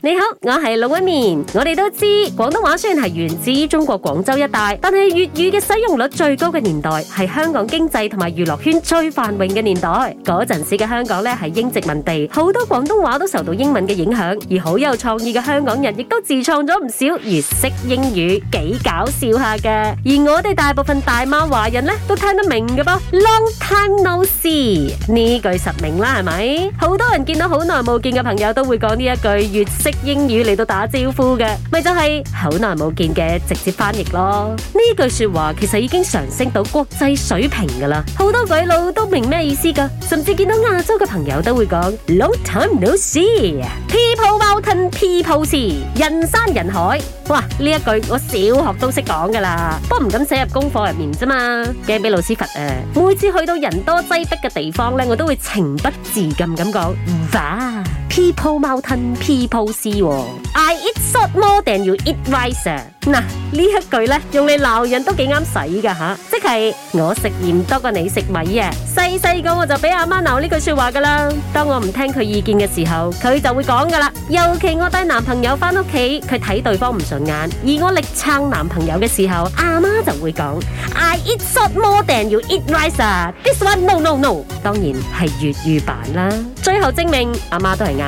你好，我係老一面。我哋都知廣東話雖然係源自於中國廣州一帶，但係粵語嘅使用率最高嘅年代係香港經濟同埋娛樂圈最繁榮嘅年代。嗰陣時嘅香港呢係英殖民地，好多廣東話都受到英文嘅影響。而好有創意嘅香港人亦都自創咗唔少粵式英語，幾搞笑下嘅。而我哋大部分大媽華人呢都聽得明嘅噃。Long time no see 呢句實名啦，係咪？好多人見到好耐冇見嘅朋友都會講呢一句粵英語嚟到打招呼嘅，咪就係好耐冇見嘅直接翻譯咯。呢句說話其實已經上升到國際水平噶啦，好多鬼佬都明咩意思噶，甚至見到亞洲嘅朋友都會講。Long time no see, people mountain people sea，人山人海。哇，呢一句我小學都識講噶啦，不過唔敢寫入功課入面啫嘛，驚俾老師罰啊。每次去到人多擠逼嘅地方咧，我都會情不自禁咁講。People mountain people sea。I eat salt more than you eat rice。嗱，呢一句呢，用嚟鬧人都幾啱使噶吓，即係我食鹽多過你食米啊！細細個我就俾阿媽鬧呢句說話噶啦。當我唔聽佢意見嘅時候，佢就會講噶啦。尤其我帶男朋友翻屋企，佢睇對方唔順眼，而我力撐男朋友嘅時候，阿媽就會講：I eat salt more than you eat rice，right。This one no no no，當然係粵語版啦。最後證明阿媽都係啱。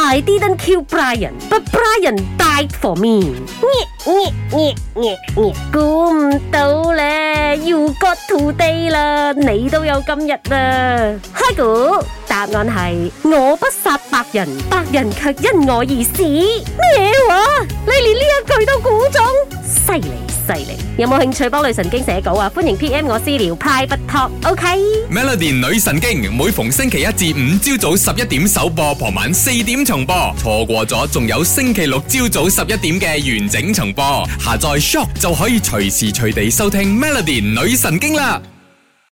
I didn't kill Brian, but Brian died for me. 呃呃呃呃呃，估唔到咧，You got today 啦，你都有今日啦。開估，答案係我不殺白人，白人卻因我而死。咩話？你連呢一句都估中？犀利犀利，有冇興趣幫女神經寫稿啊？歡迎 PM 我私聊，派不托，OK。Melody 女神經每逢星期一至五朝早十一點首播，傍晚四點重播，錯過咗仲有星期六朝早十一點嘅完整重播。下載 shop 就可以隨時隨地收聽 Melody 女神經啦。